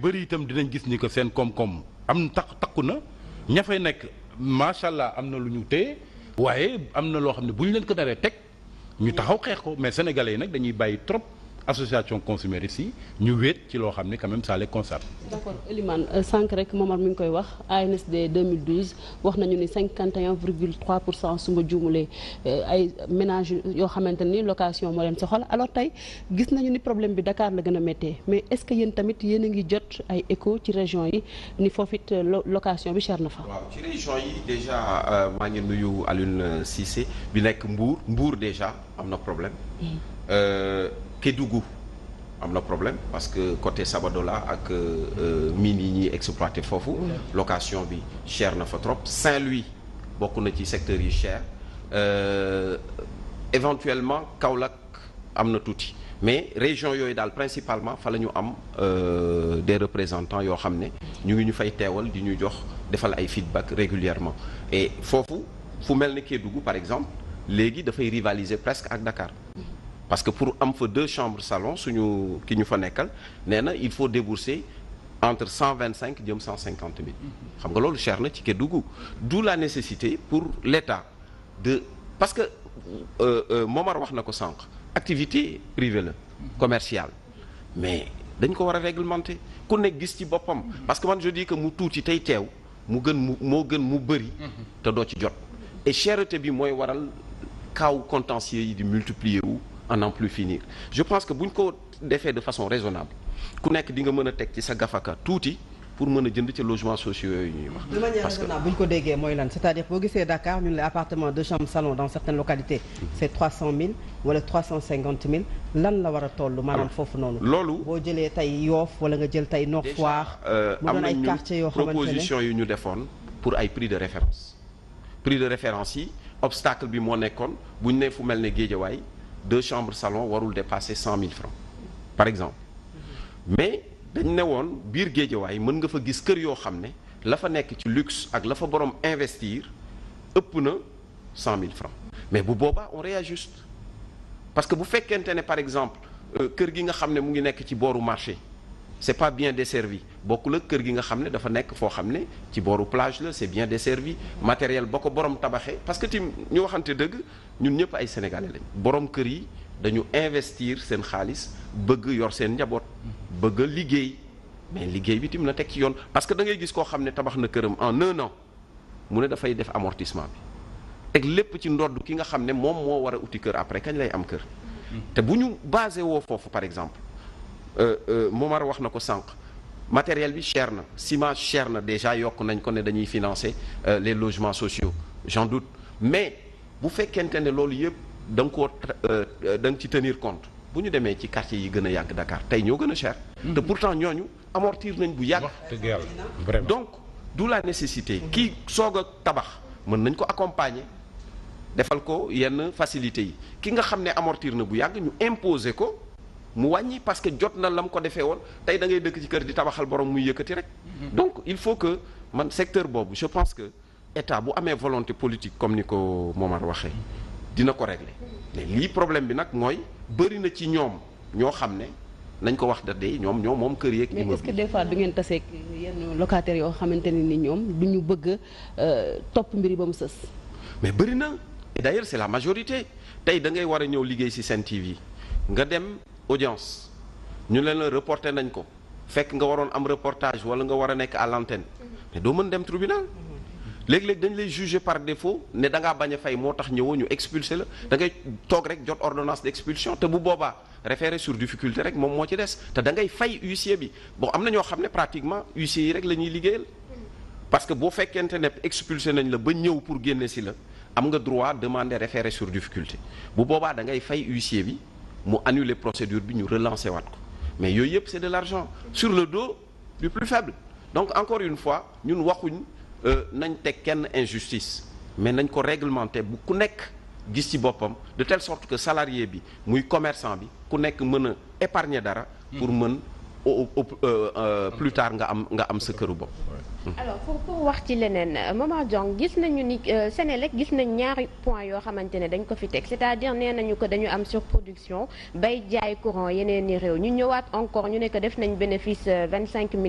bëri itam dinañ gis ni que seen koom-koom am tax takku na ña fay nekk macha allah am na lu ñu téye waaye am na loo xam ne bu ñu leen ko daree teg ñu taxaw xeex ko mais sénégalais yi nag dañuy bàyyi trop. association consumériste yi ñu wéet ci loo xam ne quand même ça les concerne. d' accord Elimane euh, sànq rek Momar mi ngi koy wax ANSD 2012 wax nañu ni 51 virgule 3 pour cent su ma juumulee euh, ay ménages yoo xamante ni location moo leen soxal alors tey gis nañu ni problème bi dakaar la gën a méttee mais est ce que yéen tamit yéen ngi jot ay écho ci région yi ni foofu it euh, location bi cher na fa. waaw ci région yi déjà maa ngi nuyu Alioune Cissé bi nekk Mbour Mbour déjà am na problème. Hmm. Euh, Kédougou am na problème parce que côté Sabadola ak euh, euh, mines yi ñuy exploité foofu. location bi cher na fa trop. Saint-Louis bokk na ci secteurs yi cher éventuellement Kaolack am na tuuti mais région yooyu daal principalement fa la ñu am de représentants yoo xam ne ñu ngi ñu fay teewal di ñu jox defal ay feedback régulièrement et foofu fu mel ni Kédougou par exemple léegi dafay rivaliser presque ak Dakar. parce que pour am fa deux chambres salon suñu ki ñu fa nekkal nee na il faut débourser entre cent vingt cinq jëm cent cinquante mille xam nga loolu cher na ci Kédougou d'où la nécessité pour l'État de parce que moom euh, euh, Momar wax na ko sànq activité privée la commerciale mais dañ ko war a réglementer ku nekk gis ci boppam parce que man je dis que mu tuuti tey teew mu gën mu moo gën mu bëri te doo ci jot et cherté bi mooy waral kaaw contentieux yi di multiplier wu à n'en plus finir je pense que bu ñu ko defee de façon raisonnable ku nekk di nga mën a teg ci sa gafaka tuuti pour mën a jënd ci logement sociaux yooyu ñuy wax. bu ñu ko déggee mooy lan c'est-à-dire boo gisee Dakar ñu ne appartement deux chambres salon dans certaines localités. Mhm. c'est trois cent mille wala trois cent cinquante mille lan la war a toll. maanaam foofu noonu. loolu boo jëlee tey Yoff wala nga jël tey Nord Foire. Euh, mu doon ay quartiers yoo xamante ne proposition yu ñu defoon pour ay prix de référence. prix de référence yi obstacle bi moo nekkoon bu ñu nee fu mel ne Guédiawaye deux chambres salon warul dépasser cent mille francs par exemple mais dañ ne woon biir géejawaay mën nga fa gis kër yoo xam ne la fa nekk ci luxe ak la fa borom investir ëpp na cent mille francs mais bu boobaa on réajuste parce que bu fekkente ne par exemple euh, kër gi nga xam ne mu ngi nekk ci booru marché c'est pas bien desservi bokkul ak kër gi nga xam ne dafa nekk foo xam ne ci booru plage la c'est bien desservi matériel ba ko borom tabaxee parce que tim ñu waxante dëgg ñun ñëpp ay sénégalais lañ borom kër yi dañu investir seen xaalis bëgg yor seen njaboot bëgg liggéey mais liggéey bi tim na teg ci yoon parce que da ngay gis koo xam ne tabax na këram en un an mu ne dafay def amortissement bi teg lépp ci ndodd ki nga xam ne moom moo war a uti kër après kañ lay am kër te bu ñu basé woo foofu par exemple Euh, euh, mar wax na ko sànq matériel bi cher na ciment cher na déjà yokk nañ ko ne dañuy financer euh, les logements sociaux j'en doute mais bu fekkente ne loolu yëpp da nga koo da ci tenir compte bu ñu demee ci quartier yi gën a yàgg Dakar tey ñoo gën a cher mm-hmm. te pourtant ñooñu amortir nañ bu yàgg donc du la nécessité kii soog ak tabax mën nañ ko accompagner defal ko yenn facilité yi ki nga xam ne amortir na bu yàgg ñu imposer ko mu wàññi parce que jot na la lam ko defee woon tey dangay ngay dëkk ci kër di tabaxal borom muy yëkkati rek. Mhm. donc il faut que man secteur boobu je pense que état bu amee volonté politique comme ni ko Momar waxee dina ko régler mais lii problème bi nag mooy bëri na ci ñoom ñoo xam ne. nañ ko wax da de ñoom ñoom moom kër yeeg. mais est-ce que des fois du ngeen taseeg yenn locataires yoo xamante ne ni ñoom du ñu bëgg euh, topp mbir yi ba mu sës. mais bëri na et d'ailleurs c'est la majorité tey da ngay war a ñëw liggéey ci Sen TV nga dem. audience ñu leen la reporté nañ ko fekk nga waroon am reportage wala nga war a nekk à l'antenne mhm. mais doo mën dem tribunal léegi mhm. léeg dañ lay juger par défaut ne da ngaa bañ a fay moo tax ñëwoo ñu expulsé la dangay toog rek jot ordonnance d'expulsion te bu boobaa référé sur difficulté rek moom moo ci des te da ngay fay huissier bi bon am na ñoo xam ne pratiquement huissier yi rek la ñuy liggéeyal mhm. parce que boo fekkente ne expulsé nañ la ba ñëw pour génne si la am nga droit demander référé sur difficulté fay bi mu annuler procédure bi ñu relancer waat ko mais yooyu yëpp c'est de l'argent sur le dos du plus faible donc encore une fois ñun waxuñ euh, nañ teg kenn injustice mais nañ ko réglementer bu ku nekk gis ci boppam de telle sorte que salarié bi muy commerçant bi ku nekk mën a épargner dara pour mën au euh, euh, plus tard nga am nga am sa këru bopp alors pour pour wax ci leneen euh, Maman Diong gis nañu ni euh, Sénélec gis nañ ñaari point yoo xamante ne dañ ko fi teg c'est-à-dire nee nañu ko dañu am surproduction bay jaay courant yeneen i réew ñu ñëwaat encore ñu nekk def nañ bénéfice euh, vingt cinq milliards